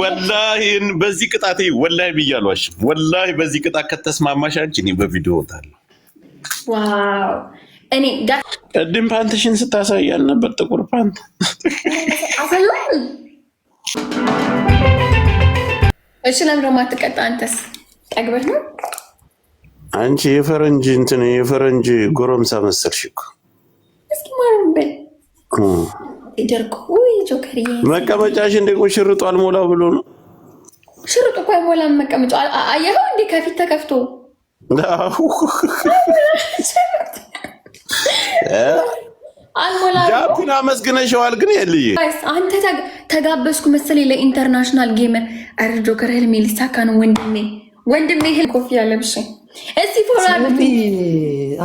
ወላሂ በዚህ ቅጣት ወላሂ ብያሏሽ። ወላሂ በዚህ ቅጣት ከተስማማሽ አንቺ እኔ በቪዲዮ ወጣለሁ። ቅድም ፓንትሽን ስታሳይ ያልነበር ጥቁር ፓንት እሺ፣ ለምን ደግሞ አትቀጣ? አንተስ ጠግበህ ነው? አንቺ የፈረንጅ እንትን የፈረንጅ ጎረምሳ መሰልሽ እኮ እስኪ ማርበት ይደርቁ ጆከር መቀመጫሽ እንደ ሽርጡ አልሞላ ብሎ ነው። ሽርጡ እኮ አይሞላም መቀመጫ። አየኸው እንዴ ከፊት ተከፍቶ አልሞላጃፒን አመስግነሸዋል። ግን የልይ አንተ ተጋበዝኩ መሰለኝ ለኢንተርናሽናል ጌም። ኧረ ጆከር ህልሜ ሊሳካ ነው ወንድሜ፣ ወንድሜ ህል ኮፍያ ለብሼ እስቲ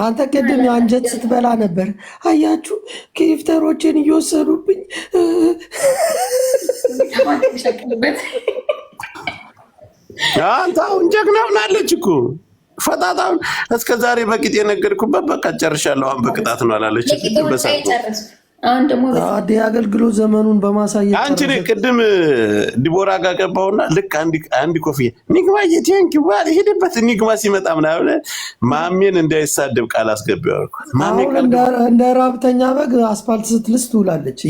አንተ ቅድም አንጀት ስትበላ ነበር። አያችሁ ኬፍተሮችን እየወሰዱብኝ አንተ አሁን ጀግና ሆናለች እኮ ፈጣጣም እስከ ዛሬ በቂጥ የነገድኩበት በቃ ጨርሻለሁ። አሁን በቅጣት ነው አላለች። አገልግሎት ዘመኑን በማሳየት አንቺ ቅድም ዲቦራ ጋር ገባሁና ልክ አንድ ኮፍያ ኒግማ ኒግማ ሲመጣ ምናምን ማሜን እንዳይሳደብ ቃል እንደ ራብተኛ በግ አስፋልት ስትልስ ትውላለች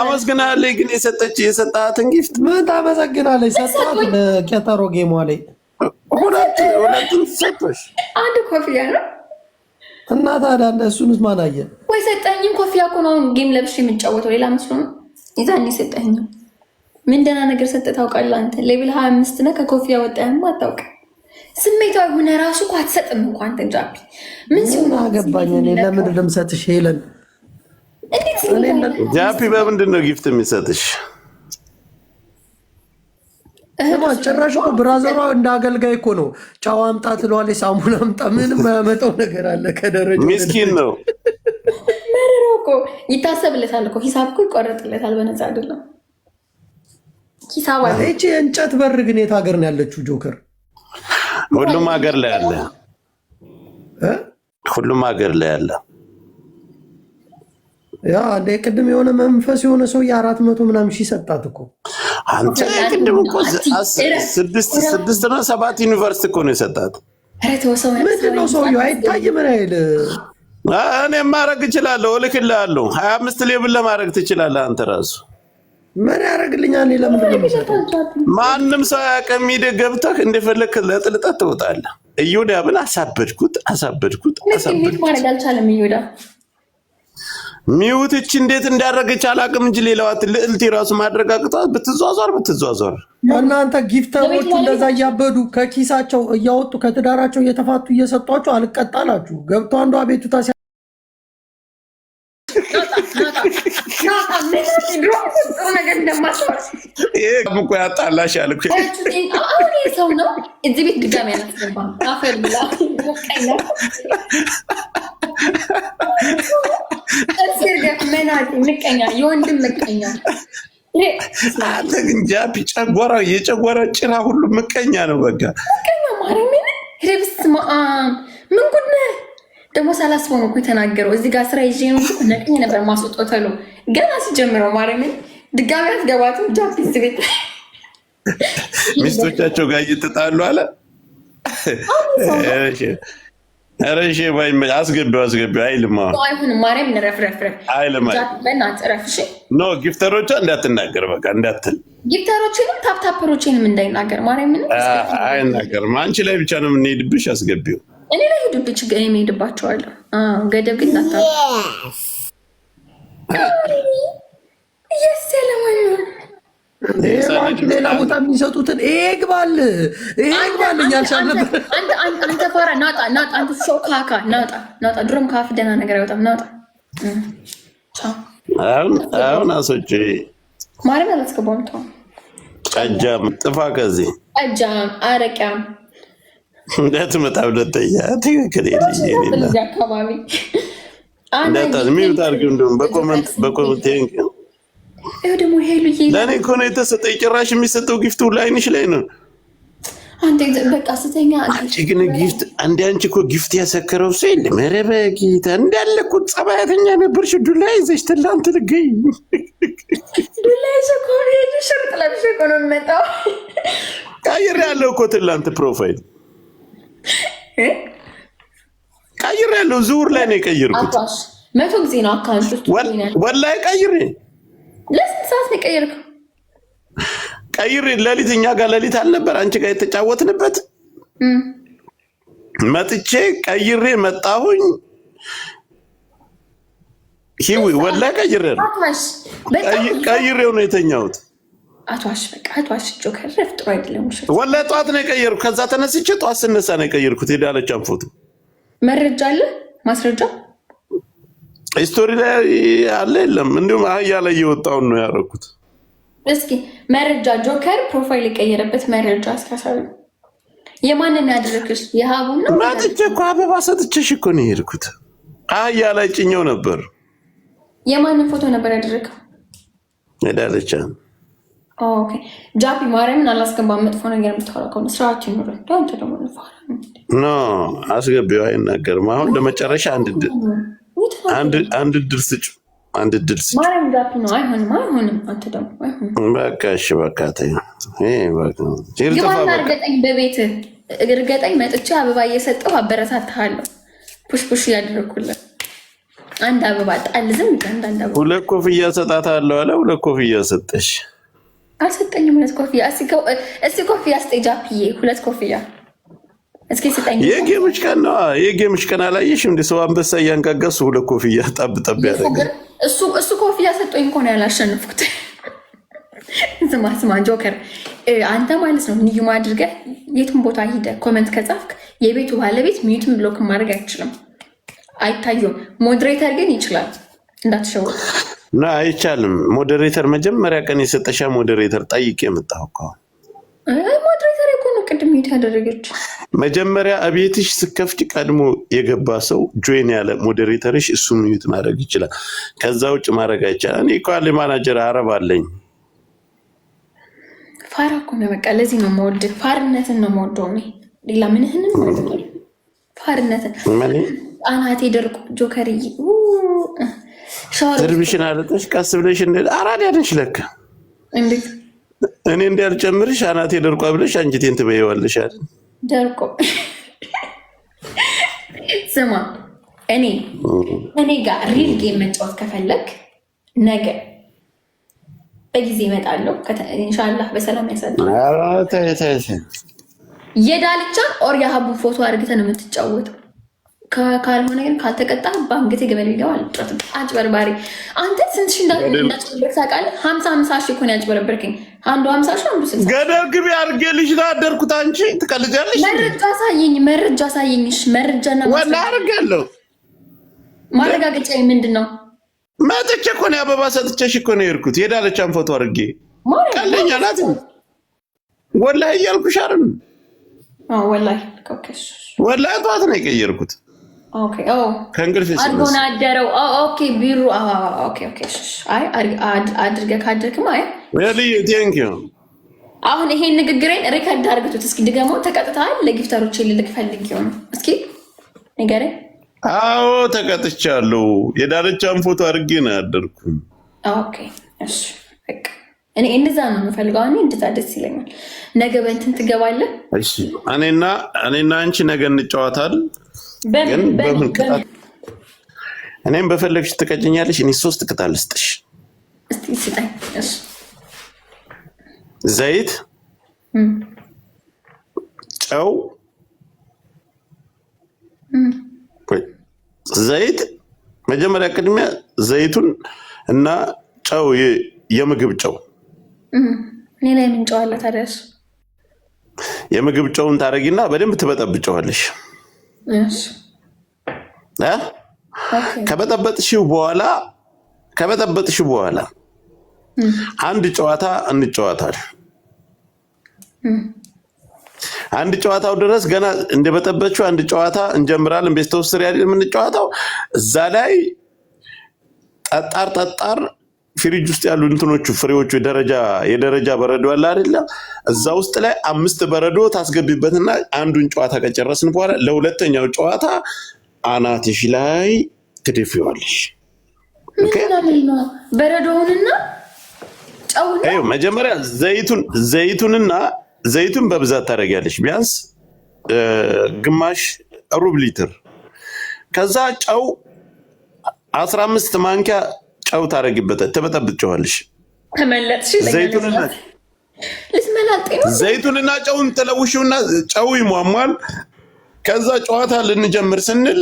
አመስግናለች። ግን የሰጠች የሰጣትን ጊፍት ምን ታመሰግናለች? ሰጣት ጌሟ ላይ ሁለት ሁለቱን ሰጠች። አንድ ኮፍያ ነው እና ታዲያ እንደ እሱንስ ማን አየ? ወይ ሰጠኝም ኮፍያ እኮ ነው ጌም ለብሽ የምጫወተው ሌላ መስሎ ነው። ይዛኔ ሰጠኝም ምን ደህና ነገር ሰጠ ታውቃለህ አንተ። ሌቪል ሀያ አምስት ነህ ከኮፍያ ወጣህም አታውቅም። ስሜታዊ ሆነ ራሱ እኮ አትሰጥም እኮ አንተ። እንጃፒ ምን ሲሆን አገባኝ እኔ ለምን ነው የምሰጥሽ ሄለን? ጃፒ በምንድን ነው ጊፍት የሚሰጥሽ? ጭራሽ ብራዘሯ እንደ አገልጋይ እኮ ነው። ጫው አምጣ ትለዋለች፣ ሳሙን አምጣ። ምንም ያመጣው ነገር አለ ከደረጃ ሚስኪን ነው። መረሮ እኮ ይታሰብለታል እኮ ሂሳብ እኮ ይቆረጥለታል። በነፃ አይደለም ሂሳብ አለ። ይቺ የእንጨት በር ግን የት ሀገር ነው ያለችው? ጆከር ሁሉም ሀገር ላይ አለ። ሁሉም ሀገር ላይ አለ። ያ ቅድም የሆነ መንፈስ የሆነ ሰው የአራት መቶ ምናምን ሺህ ሰጣት እኮ አንተ ቅድም እኮ ስድስት ስድስት እና ሰባት ዩኒቨርስቲ እኮ ነው የሰጣት። ምንድነው ሰውዬው አይታይ ምን አይል? እኔ ማድረግ እችላለሁ፣ እልክልሃለሁ። ሀያ አምስት ሌብል ለማድረግ ትችላለህ አንተ ራሱ ምን ያደርግልኛል? ለምንድን ማንም ሰው ያቀም ሄደህ ገብተህ እንደፈለግ ለጥልጠት ትወጣለህ። እዮዳብን አሳበድኩት፣ አሳበድኩት፣ አሳበድኩት። ሚውትች እንዴት እንዳደረገች አላቅም እንጂ ሌላዋ ልዕልት የራሱ ማድረጋግጧት ብትዟዟር ብትዟዟር እናንተ ጊፍተሮቹ እንደዛ እያበዱ ከኪሳቸው እያወጡ ከትዳራቸው እየተፋቱ እየሰጧቸው አልቀጣላችሁ ገብቶ አንዷ ቤቱታ ነገር እንደማትሆን ይሄ ሰው ነው። እዚህ ቤት ድጋሚ አላስገባም። አፈር ብላ ምቀኛ፣ አንተ ግን ጃፒ ጨጓራ የጨጓራ ጭራ ሁሉ ምቀኛ ነው። በቃ ምቀኛ ማርያምን ርብስ ማም ምን ጉድ ነህ ደግሞ ሳላስበው ነው እኮ የተናገረው። እዚህ ጋር ስራ ይዤ ነው ነቅኝ ነበር ማስወጣው ተሎ ገና ሲጀምረው ማረምን ድጋሚ አትገባትም ጃፒስ ቤት ሚስቶቻቸው ጋር እየተጣሉ አለ። ኧረ አስገቢው አስገቢው አይልማ አይሆንም። ማርያም ንረፍረፍረፍ አይልማ በእናትህ እረፍ። ኖ ጊፍተሮቿ እንዳትናገር በቃ እንዳትል፣ ጊፍተሮችንም ታፕታፐሮችንም እንዳይናገር ማርያም ምንም አይናገርም። አንቺ ላይ ብቻ ነው የምንሄድብሽ። አስገቢው እኔ ላይ ሄዱብኝ ችግር እኔ ሄድባቸዋለሁ። ገደብ ግን ናታ የስ ያለማን ሌላ ቦታ የሚሰጡትን ይሄ ግባል ይሄ ግባል እያልሻል ነበር። አንተ ፋራ ናጣ ናጣ፣ አንተ ሰው ካካ ናጣ ናጣ። ድሮም ከአፍ ደህና ነገር አይወጣም ናጣ። አሁን አሶጭ ማርያም አላስገባም። ተው ጨጃም ጥፋ ከዚህ ጨጃም አረቂያም እንዳትመጣ ሁለተኛ ትክክል አካባቢ ሚዩት አድርጊው። እንደውም በኮመንት በኮመንት ደግሞ ለእኔ እኮ ነው የተሰጠኝ። ጭራሽ የሚሰጠው ጊፍት ጊፍቱ ላይንሽ ላይ ነው። አንቺ ግን ጊፍት አንዴ አንቺ እኮ ጊፍት ያሰከረው ሰው የለም። ኧረ በጌታ እንዳለ እኮ ጸባያተኛ ነበርሽ። ዱላ ይዘሽ ትላንት ልገኝ ዱላ ይዘሽ እኮ ነው የሄድሽ። ሸርጥ ለብሼ እኮ ነው የምመጣው። ቀይሬ ያለው እኮ ትላንት ፕሮፋይል ቀይር ያለው ዝውውር ላይ ነው የቀየርኩት። መቶ ጊዜ ነው አካውንት ውስጥ ወላሂ ቀይሬ ለስንት ሰዓት ነው የቀየርከው? ቀይሬ ለሊት እኛ ጋር ለሊት አልነበር አንቺ ጋር የተጫወትንበት መጥቼ ቀይሬ መጣሁኝ። ሂዊ ወላሂ ቀይሬ ነው ቀይሬው ነው የተኛሁት። አቷሽ በቃ አቷሽ ጆከር ረፍ ጥሩ አይደለም። ወላሂ ጠዋት ነው የቀየርኩት። ከዛ ተነስቼ ጠዋት ስነሳ ነው የቀየርኩት። ሄዳለቻን ፎቶ መረጃ አለ ማስረጃ ስቶሪ ላይ አለ የለም። እንዲሁም አህያ ላይ እየወጣውን ነው ያደረኩት። እስኪ መረጃ ጆከር ፕሮፋይል የቀየረበት መረጃ አስካሳቢ የማንን ያደረግሽ? የሀቡ ነው መጥቼ እኮ አበባ ሰጥቼሽ እኮ ነው የሄድኩት። አህያ ላይ ጭኘው ነበር። የማንን ፎቶ ነበር ያደረገው? ነው ኦኬ ጃፒ ማርያምን አላስገባም። መጥፎ ነገር የምታወራ ከሆነ ስርዓት ይኑር። አንተ ደግሞ ኖ አስገቢው አይናገርም። አሁን ለመጨረሻ አንድ ስጭ፣ አንድ ስጭ። ማርያም ጃፒ ነው። አይሆንም፣ አይሆንም። አንተ ደግሞ በቃ እሺ፣ በቃ ተይ። እርገጠኝ፣ በቤት እርገጠኝ። መጥቼ አበባ እየሰጠው አበረታታሃለሁ፣ ፑሽ እያደረኩለት አንድ አበባ ጣል። ዝም ሁለት ኮፍያ ሰጣታለሁ አለ። ሁለት ኮፍያ ሰጠሽ አልሰጠኝም። ሁለት ኮፍያ እስኪ ኮፍያ ስጠኝ ጃፕዬ፣ ሁለት ኮፍያ እስኪ ስጠኝ። የጌምሽ ቀን ነዋ፣ የጌምሽ ቀን አላየሽም? እንደ ሰው አንበሳ እያንጋጋሱ ሁለት ኮፍያ ጣብ ጣብ ያደረገ እሱ ኮፍያ ሰጠኝ እኮ ነው ያላሸንፍኩት። ስማ ስማ ጆከር፣ አንተ ማለት ነው ንዩም አድርገህ የቱን ቦታ ሂደ ኮመንት ከጻፍክ የቤቱ ባለቤት ሚዩትን ብሎክ ማድረግ አይችልም፣ አይታዩም። ሞዴሬተር ግን ይችላል፣ እንዳትሸወቅ እና አይቻልም። ሞዴሬተር መጀመሪያ ቀን የሰጠሻ ሞዴሬተር ጠይቅ የመጣሁ እኮ ሞዴሬተር እኮ ቅድም ሄድ ያደረገች። መጀመሪያ አቤትሽ ስከፍች ቀድሞ የገባ ሰው ጆይን ያለ ሞዴሬተርሽ እሱ ሚዩት ማድረግ ይችላል። ከዛ ውጭ ማድረግ አይቻል። እኔ ኳል ማናጀር አረብ አለኝ። ፋራ እኮ ነው በቃ። ለዚህ ነው መወድ ፋርነትን ነው መወደው እኔ ሌላ ምንህንም ፋርነትን አናቴ ደርቆ ጆከርዬ እርምሽን አለጠሽ ቀስ ብለሽ አራዳ ነሽ ለካ። እኔ እንዳልጨምርሽ አናቴ ደርቋ ብለሽ አንጅቴን ትበየዋለሽ አይደል? ደርቆ ስማ፣ እኔ እኔ ጋር ሪል ጌም መጫወት ከፈለግ ነገ በጊዜ እመጣለሁ። ኢንሻላህ በሰላም ያሳልፍ። የዳልቻ ኦር የሀቡ ፎቶ አድርግተን ነው የምትጫወተው። ካልሆነ ግን ካልተቀጣ በአንገቴ ገበል የሚገባ አልጫወትም። አጭበርባሪ አንተ ስንት ሺ እንዳጭበርበርክ ታውቃለህ? ሀምሳ ሀምሳ ሺ ኮን ነው ያጭበረበርከኝ። አንዱ ሀምሳ ሺ አንዱ ስልሳ ገደብ ግቢ ልጅ ታደርኩት። አንቺ ትቀልጃለሽ። መረጃ አሳየኝ፣ መረጃ አሳየኝሽ። መረጃና ወላ አድርጌያለሁ። ማረጋገጫ ምንድን ነው? መጥቼ እኮ ነው አበባ ሰጥቼሽ እኮ ነው የሄድኩት። የዳለቻን ፎቶ አድርጌ ቀለኛ ናት። ወላሂ እያልኩሽ አይደል? ወላሂ ጠዋት ነው የቀየርኩት Oh. ከእንቅልፍ አድጎን አደረው። ኦኬ oh, ቢሩ ah, ah, ah, አድርገ ካደርክም አይ አሁን ይሄን ንግግሬን ሪከርድ አድርግቱት እስኪ ድገመው። ተቀጥተሃል? ለጊፍተሮች ልልክ ፈልግ ይሆን እስኪ ንገረኝ። አዎ ተቀጥቻለሁ። የዳርቻን ፎቶ አድርጌ ነው ያደርኩ። እኔ እንደዛ ነው የምፈልገው። እኔ እንደዛ ደስ ይለኛል። ነገ በእንትን ትገባለህ። እኔና አንቺ ነገ እንጨዋታል ግን በምን ቅጣት እኔም በፈለግሽ ትቀጭኛለሽ። እኔ ሶስት ቅጣት ልስጥሽ። ዘይት፣ ጨው፣ ዘይት መጀመሪያ ቅድሚያ ዘይቱን እና ጨው፣ የምግብ ጨው። ላይ የምን ጨው አለ ታዲያ? የምግብ ጨውን ታደርጊና በደንብ ትበጠብጨዋለሽ። ከበጠበጥሽው በኋላ ከበጠበጥሽው በኋላ አንድ ጨዋታ እንጨዋታል። አንድ ጨዋታው ድረስ ገና እንደበጠበችው አንድ ጨዋታ እንጀምራለን። ቤተሰብ ስር የምንጨዋታው እዛ ላይ ጠጣር ጠጣር ፍሪጅ ውስጥ ያሉ እንትኖቹ ፍሬዎቹ የደረጃ የደረጃ በረዶ ያለ አይደለ? እዛ ውስጥ ላይ አምስት በረዶ ታስገቢበትና አንዱን ጨዋታ ከጨረስን በኋላ ለሁለተኛው ጨዋታ አናትሽ ላይ ትደፊዋለሽ። በረዶውንና መጀመሪያ ዘይቱን ዘይቱንና ዘይቱን በብዛት ታደርጊያለሽ፣ ቢያንስ ግማሽ ሩብ ሊትር። ከዛ ጨው አስራ አምስት ማንኪያ ጨው ታደርግበታል። ተበጠብጨዋለሽ። ዘይቱንና ጨውን ተለውሽውና ጨው ይሟሟል። ከዛ ጨዋታ ልንጀምር ስንል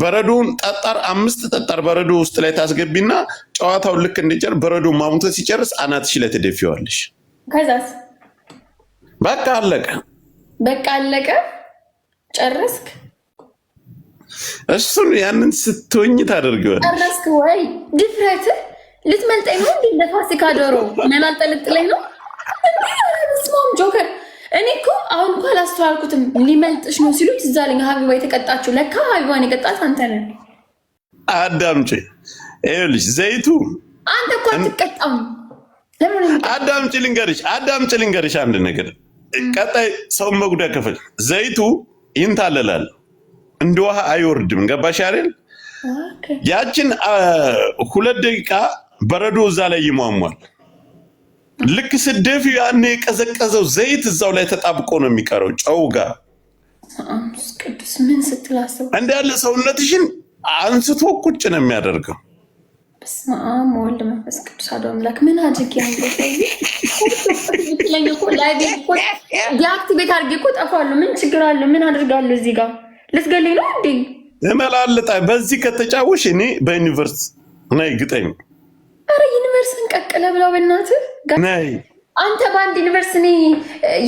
በረዶውን ጠጣር አምስት ጠጣር በረዶ ውስጥ ላይ ታስገቢና ጨዋታውን ልክ እንዲጨር በረዶ ማሙቶ ሲጨርስ አናትሽ ላይ ትደፊዋለሽ። በቃ አለቀ። በቃ አለቀ። ጨረስክ። እሱን ያንን ስትሆኝ ታደርገዋል። ጨረስክ ወይ? ድፍረት ልትመልጠኝ ነው እንዴ? ለፋሲካ ዶሮ መላልጠልጥለኝ ነው? ስማም ጆከር፣ እኔ እኮ አሁን እኮ አላስተዋልኩትም። ሊመልጥሽ ነው ሲሉ ትዝ አለኝ። ሀቢባ የተቀጣችው ለካ ሀቢባን የቀጣት አንተ ነህ። አዳምጪ፣ ይኸውልሽ ዘይቱ አንተ እኮ አትቀጣም። አዳምጪ ልንገርሽ፣ አዳምጪ ልንገርሽ አንድ ነገር። ቀጣይ ሰውን መጉዳት ከፈል ዘይቱ ይንታለላል እንደ ውሃ አይወርድም። ገባሽ አይደል? ያችን ሁለት ደቂቃ በረዶ እዛ ላይ ይሟሟል። ልክ ስደፊ ያኔ የቀዘቀዘው ዘይት እዛው ላይ ተጣብቆ ነው የሚቀረው ጨው ጋር እንደ ያለ ሰውነትሽን አንስቶ ቁጭ ነው የሚያደርገው። በስመ መንፈስ ቅዱስ ምን ምን ችግር አለ? ምን አድርጋለሁ እዚህ ጋር ልትገለኝ ነው እንዴ? እመላልጣ በዚህ ከተጫውሽ እኔ በዩኒቨርስ ነይ ግጠኝ። ኧረ ዩኒቨርስ እንቀቅለ ብለው በእናትህ ናይ አንተ በአንድ ዩኒቨርስ እኔ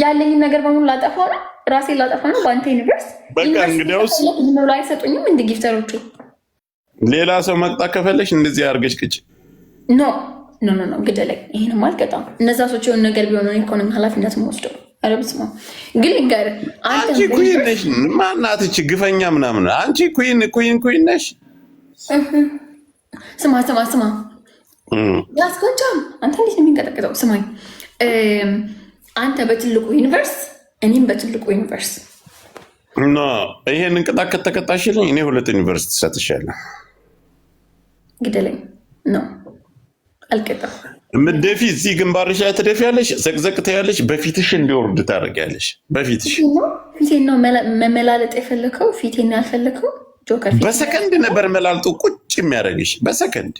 ያለኝን ነገር በሙሉ ላጠፋ ነው፣ ራሴ ላጠፋ ነው በአንተ ዩኒቨርስ። በቃ እንግዲያውስ ብሎ አይሰጡኝም እንደ ጊፍተሮቹ። ሌላ ሰው መቅጣት ከፈለሽ እንደዚህ አድርገሽ ቅጭ። ኖ ኖ ኖ ግደለኝ። ይህንም አልቀጣም። እነዛ ሰዎች የሆነ ነገር ቢሆነ ኢኮኖሚ ኃላፊነት ወስደው ግን ይጋር አንቺ ኩይን ነሽ። ማናትች ግፈኛ ምናምን አንቺ ኩይን ኩይን ኩይን ነሽ። ስማ ስማ ስማ ያስቆጫም አንተ እንዴት ነው የሚንቀጠቅጠው? ስማኝ አንተ በትልቁ ዩኒቨርስ፣ እኔም በትልቁ ዩኒቨርስ ኖ ይሄንን ቅጣት ከተቀጣሽልኝ እኔ ሁለት ዩኒቨርስቲ ትሰጥሻለሁ። ግደለኝ ነው አልቀጣም። ምትደፊ እዚህ ግንባርሽ ላይ ትደፊያለሽ፣ ዘቅዘቅ ትያለሽ፣ በፊትሽ እንዲወርድ ታደርጊያለሽ። በፊትሽ ፊቴን ነው መመላለጥ የፈለከው ፊቴን ያልፈለከው ጆከር በሰከንድ ነበር መላልጦ ቁጭ የሚያደርግሽ በሰከንድ።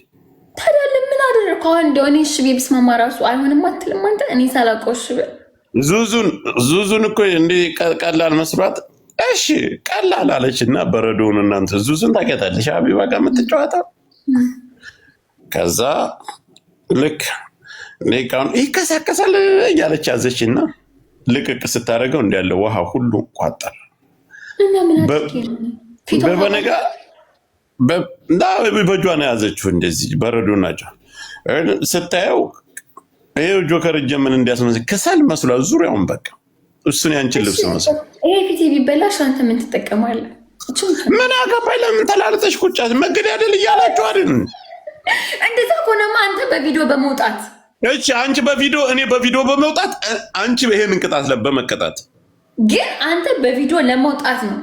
ታዲያ ለምን አደረግኩ? አሁን እንደው እኔ እሺ ቤ ብስማማ ራሱ አይሆንም አትልም አንተ። እኔ ሳላቆሽ እሺ ዙዙን ዙዙን እኮ እንዲህ ቀላል መስሏት እሺ ቀላል አለች እና በረዶውን እናንተ ዙዙን ታውቂያታለሽ፣ አቢባ ጋር የምትጫወተው ከዛ ልክ ቃሁን ይከሳከሳል እያለች ያዘች እና ልቅቅ ስታደርገው እንዲያለ ውሃ ሁሉ ቋጠር። በበነጋ በእጇ ነው ያዘችው። እንደዚህ በረዶ ናቸው ስታየው። ይሄ ጆከር እጀ ምን እንዲያስመስል ከሰል መስሏል። ዙሪያውን በቃ እሱን ያንችን ልብስ መስሏል። ይሄ ፊት ቢበላሽ አንተ ምን ትጠቀማለህ? ምን አገባኝ? ለምን ተላልጠሽ ቁጫ መገዳደል እያላችሁ አይደል? እንደዛ ከሆነማ አንተ በቪዲዮ በመውጣት እቺ አንቺ በቪዲዮ እኔ በቪዲዮ በመውጣት አንቺ ይሄንን ቅጣት በመቀጣት ግን አንተ በቪዲዮ ለመውጣት ነው።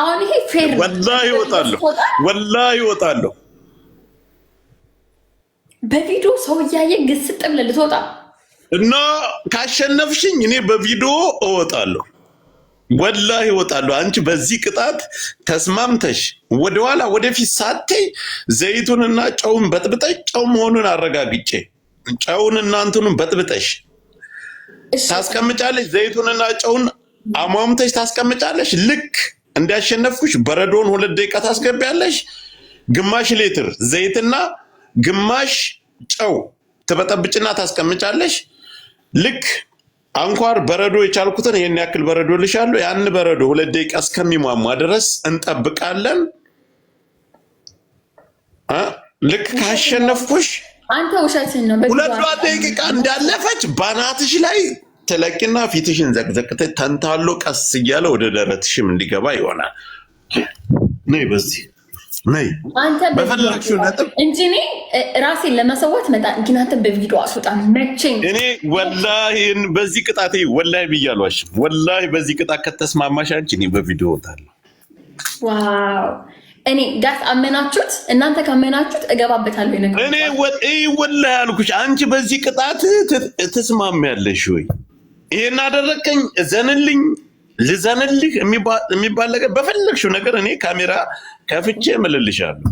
አሁን ይሄ ፌር ወላሂ እወጣለሁ፣ ወላሂ እወጣለሁ። በቪዲዮ ሰው እያየ ግስጥ ብለህ ልትወጣ እና ካሸነፍሽኝ እኔ በቪዲዮ እወጣለሁ። ወላ ይወጣሉ። አንቺ በዚህ ቅጣት ተስማምተሽ ወደኋላ ወደፊት ሳቴ ዘይቱንና ጨውን በጥብጠሽ ጨው መሆኑን አረጋግጬ ጨውን እንትኑን በጥብጠሽ ታስቀምጫለሽ። ዘይቱንና ጨውን አሟምተሽ ታስቀምጫለሽ። ልክ እንዲያሸነፍኩሽ በረዶን ሁለት ደቂቃ ታስገቢያለሽ። ግማሽ ሌትር ዘይትና ግማሽ ጨው ትበጠብጭና ታስቀምጫለሽ ልክ አንኳር በረዶ የቻልኩትን ይህን ያክል በረዶ ልሻለሁ። ያን በረዶ ሁለት ደቂቃ እስከሚሟሟ ድረስ እንጠብቃለን። ልክ ካሸነፍኩሽ አንተ ሁለቷ ደቂቃ እንዳለፈች ባናትሽ ላይ ተለቂና ፊትሽን ዘቅዘቅተ ተንታሎ ቀስ እያለ ወደ ደረትሽም እንዲገባ ይሆናል። ነይ በዚህ ነይ በፈለግሽው ነጥብ እንጂ እኔ ራሴን ለመሰወት መጣ። ግን አንተ በቪዲዮ አስወጣ መቼኝ። እኔ ወላሂ በዚህ ቅጣት ወላሂ ወላሂ በዚህ ቅጣት ከተስማማሽ አንቺ እኔ በቪዲዮ ዋው እኔ አመናችሁት፣ እናንተ ካመናችሁት እገባበታለሁ። ነገር እኔ ወላሂ አልኩሽ፣ አንቺ በዚህ ቅጣት ትስማሚያለሽ ወይ? ይሄን ዘንልኝ ልዘንልህ የሚባል ነገር በፈለግሽው ነገር እኔ ካሜራ ከፍቼ እምልልሻለሁ።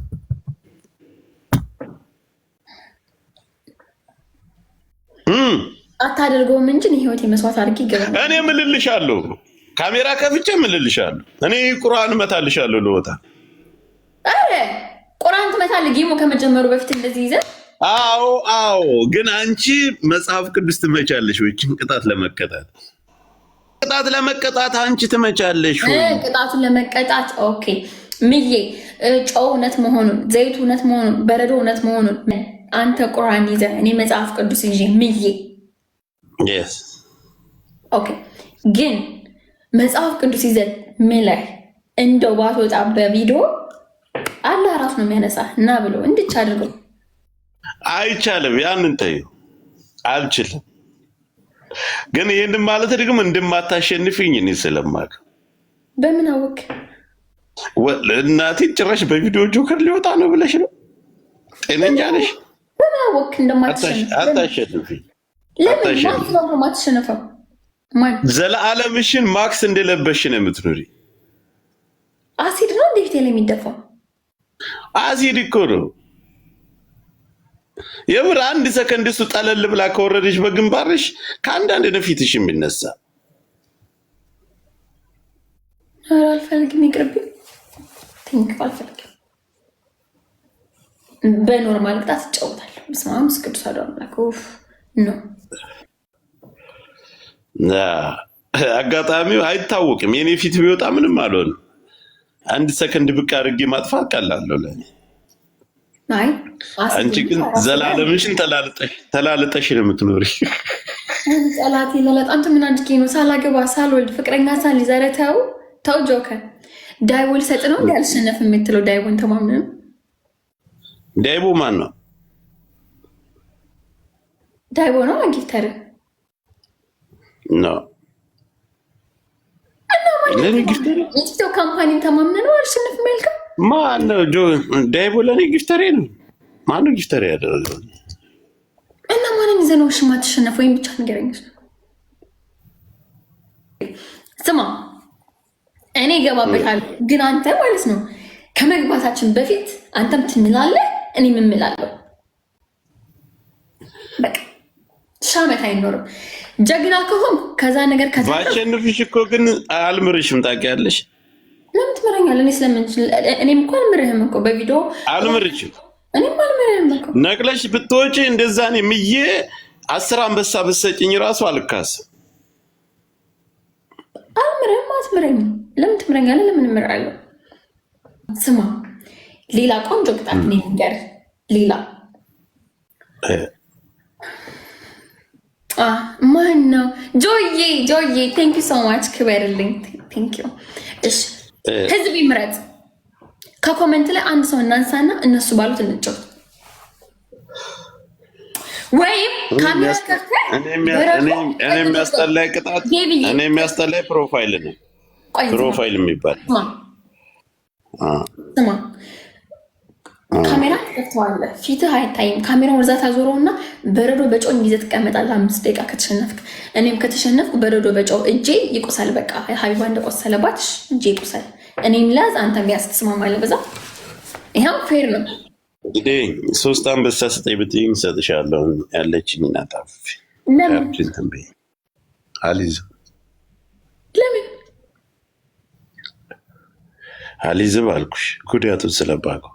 አታደርገውም እንጂ ህይወት መስዋዕት አድርጌ ይገባል። እኔ እምልልሻለሁ፣ ካሜራ ከፍቼ እምልልሻለሁ። እኔ ቁርአን እመታልሻለሁ። ልወጣ አረ ቁርአን ትመታለህ። ጌሞ ከመጀመሩ በፊት እንደዚህ ይዘ አዎ አዎ። ግን አንቺ መጽሐፍ ቅዱስ ትመቻለሽ ወይ? ቅጣት ለመቀጣት ቅጣት ለመቀጣት አንቺ ትመቻለሽ ወይ? ቅጣቱን ለመቀጣት ኦኬ ምዬ ጨው እውነት መሆኑን ዘይቱ እውነት መሆኑን በረዶ እውነት መሆኑን አንተ ቁርአን ይዘህ እኔ መጽሐፍ ቅዱስ ይዤ ምዬ ኦኬ። ግን መጽሐፍ ቅዱስ ይዘህ ምለህ እንደው ባትወጣ በቪዲዮ አላህ ራሱ ነው የሚያነሳ እና ብሎ እንድች አድርገው አይቻልም። ያንን ተይው፣ አልችልም። ግን ይህን ማለት ደግሞ እንደማታሸንፍኝ እኔ ስለማውቅ በምን አወቅ እናቴን ጭራሽ በቪዲዮ ጆከር ሊወጣ ነው ብለሽ ነው? ጤነኛ ነሽ? በማወቅ እንደማትሸንፈው ዘለዓለምሽን ማክስ እንደለበሽ ነው የምትኖሪ። አሲድ ነው እንዴት ቴል የሚደፋው? አሲድ እኮ ነው የምር። አንድ ሰከንድ እሱ ጠለል ብላ ከወረደች በግንባርሽ ከአንዳንድ ነፊትሽ የሚነሳ አልፈልግም፣ ይቅርብ ምግብ አልፈልግም። በኖርማል ቅጣት እጫወታለሁ። በስመ አብ ቅዱስ አዶ አምላክ ነው። አጋጣሚው አይታወቅም። የኔ ፊት ቢወጣ ምንም አልሆንም። አንድ ሰከንድ ብቅ አድርጌ ማጥፋት ቀላለሁ ለእኔ። አንቺ ግን ዘላለምሽን ተላለጠሽ ነው የምትኖሪ። ጠላት ይመለጥ። ምን አንድ ኬኖ ሳላገባ ሳልወልድ ፍቅረኛ ሳል ኧረ ተው ተው ጆከር ዳይቦል ሰጥ ነው እንዲ አልሸነፍ የምትለው ዳይቦን ተማምነ ነው። ዳይቦ ማን ነው? ዳይቦ ነው ማጊፍተር ነው ኢትዮ ካምፓኒን ተማምነ ነው አልሸነፍ የሚያልከው ማን ነው? ዳይቦ ለእኔ ጊፍተሬ ነው። ማን ነው ጊፍተሬ ያደረገው? እና ማንን ይዘህ ነው ሽማ ትሸነፍ ወይም ብቻ ንገረኝ። ስማ እኔ እገባበታለሁ፣ ግን አንተ ማለት ነው ከመግባታችን በፊት አንተም ትምላለህ፣ እኔም እምላለሁ። በቃ ሻመት አይኖርም። ጀግና ከሆን ከዛ ነገር ባሸንፍሽ እኮ ግን አልምርሽም። ታውቂያለሽ ለምን ትምረኛለህ? እኔ ስለምንችል እኔም እኮ አልምርህም እኮ በቪዲዮ አልምርሽም። እኔም አልምርህም እኮ ነቅለሽ ብትወጪ እንደዛን ምዬ አስር አንበሳ ብትሰጭኝ ራሱ አልካስም አልምርም፣ አትምረኝ። ለምን ትምረኛለህ? ለምን እምራለሁ? ስማ፣ ሌላ ቆንጆ ቅጣት እኔ ልንገርህ። ሌላ ማን ነው? ጆዬ፣ ጆዬ፣ ቴንክ ዩ ሶ ማች፣ ክበርልኝ። ቴንክ ዩ። ህዝብ ይምረጥ። ከኮመንት ላይ አንድ ሰው እናንሳና እነሱ ባሉት እንጫወት። ወይም ፕሮፋይል ነው። ፕሮፋይል የሚባል ካሜራ ትከፍተዋለህ፣ ፊትህ አይታይም። ካሜራውን እዛ ታዞረውና በረዶ በጨው ጊዜ ትቀመጣለህ። አምስት ደቂቃ ከተሸነፍክ፣ እኔም ከተሸነፍኩ በረዶ በጨው እጄ ይቆሳል በቃ ሀቢባ እንደቆሰለባት እጄ ይቁሳል። እኔም ላዝ አንተ ያስተስማማለህ። በዛ ይኸው ፌር ነው። እንግዲህ ሶስት አንበሳ ስጠኝ ብትይኝ እሰጥሻለሁ ያለችኝ ናት። ለምን አልይዝም? ለምን አልይዝም አልኩሽ? ጉዳቱን ስለባቀው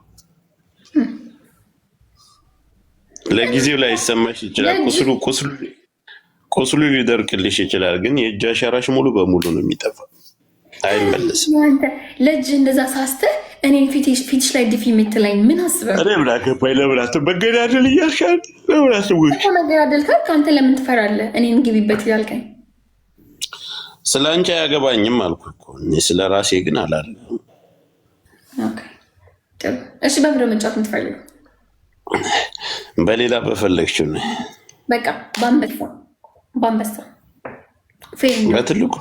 ለጊዜው ላይ ይሰማሽ ይችላል። ቁስሉ ቁስሉ ቁስሉ ሊደርቅልሽ ይችላል። ግን የእጅ አሻራሽ ሙሉ በሙሉ ነው የሚጠፋ፣ አይመለስም። ለእጅ እንደዛ ሳስተህ እኔን ፊትሽ ላይ ድፊ የምትለኝ ምን አስበህ? ለምን አገባኝ? ለምን አት መገዳደል እያልሻል? ለምን አስቦች መገዳደል ካል ከአንተ ለምን ትፈራለህ? እኔን ግቢበት ይላልከኝ። ስለ አንቺ አያገባኝም አልኩ እኮ እኔ ስለ ራሴ ግን አላለ። እሺ በምን መጫወት የምትፈልገው? በሌላ በፈለግችው ነ በቃ በአንበሳ በአንበሳ በትልቁ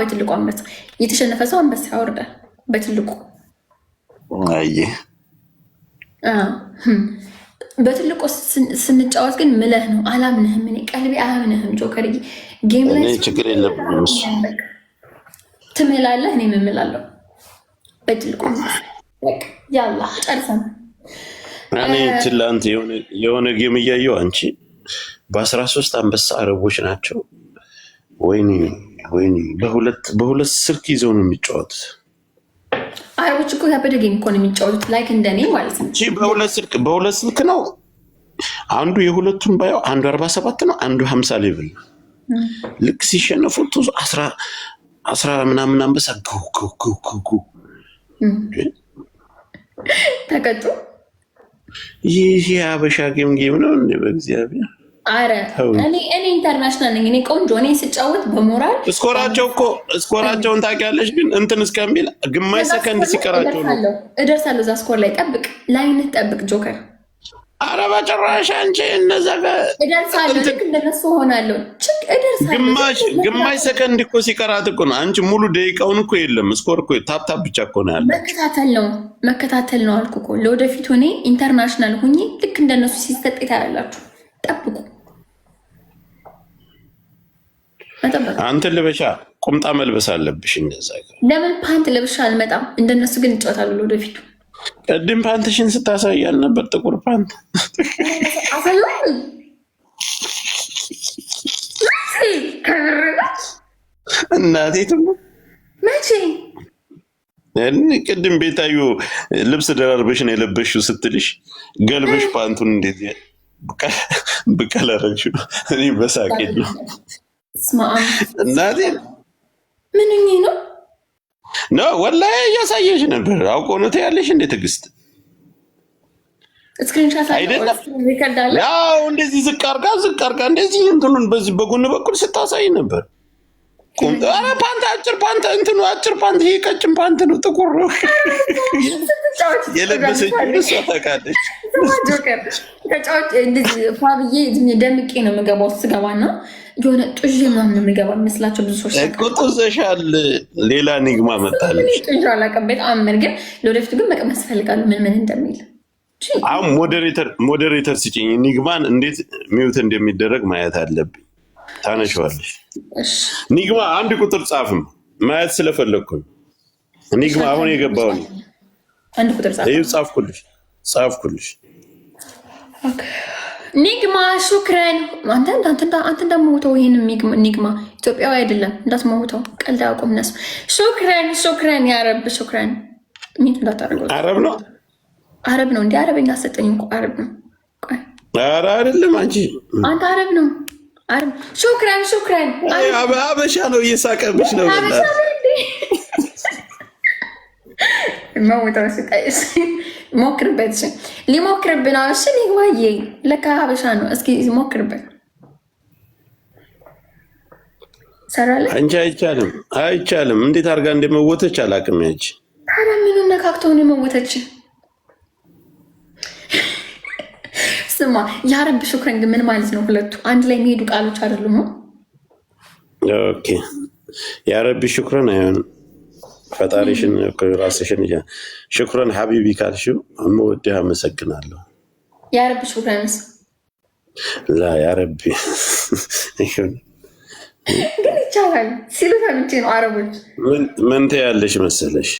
በትልቁ አንበሳ የተሸነፈ ሰው አንበሳ ያወርዳል በትልቁ አየህ hm። በትልቁ ስንጫወት ግን ምለህ ነው አላምንህም። እኔ ቀልቤ አላምንህም። ጆከር ጌም ላይ ችግር የለብንም። ትምላለህ፣ እኔ ምምላለሁ። በትልቁ ያላ ጨርሰን እኔ ትላንት የሆነ ጌም እያየው አንቺ በአስራ ሶስት አንበሳ አረቦች ናቸው። ወይኔ ወይኔ፣ በሁለት ስልክ ይዘው ነው የሚጫወቱት አረቦች እኮ ያበደ ጌም እኮ ነው የሚጫወቱት፣ ላይክ እንደኔ ማለት ነው። በሁለት ስልክ በሁለት ስልክ ነው። አንዱ የሁለቱም ባየው አንዱ አርባ ሰባት ነው፣ አንዱ ሀምሳ ሌቭል ነው። ልክ ሲሸነፉ ቱዙ አስራ ምናምን አንበሳ ጉጉጉጉጉ ተቀጡ። ይህ የሀበሻ ጌም ጌም ነው እንደ በእግዚአብሔር አረ እኔ እኔ ኢንተርናሽናል ነኝ። እኔ ቆንጆ እኔ ስጫወት በሞራል እስኮራቸው እኮ እስኮራቸውን ታውቂያለሽ። ግን እንትን እስከሚል ግማሽ ሰከንድ ሲቀራቸው ነው እደርሳለሁ። እዛ ስኮር ላይ ጠብቅ፣ ላይነት ጠብቅ ጆከር። አረ በጭራሽ አንቺ እነዛ እደርሳለሁ፣ ልክ እንደነሱ ሆናለሁ። ችግ እደርሳለሁ። ግማሽ ግማሽ ሰከንድ እኮ ሲቀራት እኮ ነው አንቺ ሙሉ ደቂቃውን እኮ የለም ስኮር እኮ ታፕታፕ ብቻ እኮ ነው ያለ። መከታተል ነው መከታተል ነው አልኩ እኮ። ለወደፊት ሆኔ ኢንተርናሽናል ሁኚ፣ ልክ እንደነሱ ሲሰጥ ታያላችሁ። ጠብቁ አንተ ልበሻ ቁምጣ መልበስ አለብሽ። እንደዛ ለምን ፓንት ለብሻ አልመጣም። እንደነሱ ግን እጫወታለሁ ወደፊቱ። ቅድም ፓንትሽን ስታሳይ ነበር፣ ጥቁር ፓንት እናቴ ትሙ መቼ ቅድም ቤታዩ ልብስ ደራርበሽን ነው የለበሽው ስትልሽ ገልበሽ ፓንቱን እንዴት ብቀለረግሽ? እኔ በሳቄ ነው እናቴ ምንኝ ነው ኖ ወላሂ እያሳየሽ ነበር። አውቆ ነው ትያለሽ። እንደ ትዕግስት ያው እንደዚህ ዝቅ አርጋ ዝቅ አርጋ እንደዚህ እንትኑን በዚህ በጎን በኩል ስታሳይ ነበር። ኧረ ፓንት አጭር ፓንት እንትኑ አጭር ፓንት ይሄ ቀጭን ፓንት ነው፣ ጥቁር ነው የለበሰች እሷ ታውቃለች። ተጫዋች እንደዚህ ፋብዬ ደምቄ ነው የምገባው ስገባና የሆነ ጡዥ ምናምን የሚገባ የሚመስላቸው ብዙ ሰዎች እኮ ጡዘሻል። ሌላ ኒግማ መጣለች። ጡዥ አላውቅም በጣም ምን ግን ለወደፊቱ ግን መቀመስ ይፈልጋሉ ምን ምን እንደሚል አሁን ሞዴሬተር ሞዴሬተር ስጭኝ። ኒግማን እንዴት ሚውት እንደሚደረግ ማየት አለብኝ። ታነሸዋለሽ። ኒግማ አንድ ቁጥር ጻፍም ማየት ስለፈለግኩኝ ኒግማ አሁን የገባው አንድ ቁጥር ጻፍ ጻፍኩልሽ ጻፍኩልሽ ኒግማ ሹክረን። አንተ እንዳትሞተው ይህን ኒግማ ኢትዮጵያዊ አይደለም እንዳትሞተው። ቀልድ አቁም። ነስ ሹክረን፣ ሹክረን፣ የአረብ ሹክረን ሚት እንዳታደርገው። አረብ ነው አረብ ነው። እንዲ አረበኛ ሰጠኝ እኮ አረብ ነው። ኧረ አይደለም አንቺ አንተ አረብ ነው። አረብ ሹክረን፣ ሹክረን። አበሻ ነው እየሳቀብሽ ነው መውጣው ስጠይስ ሞክርበት። ሊሞክርብን አሽን ይዋዬ ለካ ሀበሻ ነው። እስኪ ሞክርበት። ሰራለ አንቺ አይቻልም፣ አይቻልም። እንዴት አድርጋ እንደመወተች አላውቅም። ያች ታዲያ ምኑ ነካክተውን የመወተች ስማ፣ የአረብ ሹክረን ግን ምን ማለት ነው? ሁለቱ አንድ ላይ የሚሄዱ ቃሎች አይደሉም። ኦኬ፣ የአረብ ሹክረን አይሆንም ፈጣሪሽን ራስሽን ሽኩረን ሀቢቢ ካልሽው እምወድህ አመሰግናለሁ። ያረቢ ሽኩረንስ ላ ያረቢ ግን ይቻላል ሲሉ ሰምቼ ነው አረቦች። ምን ትያለሽ መሰለሽ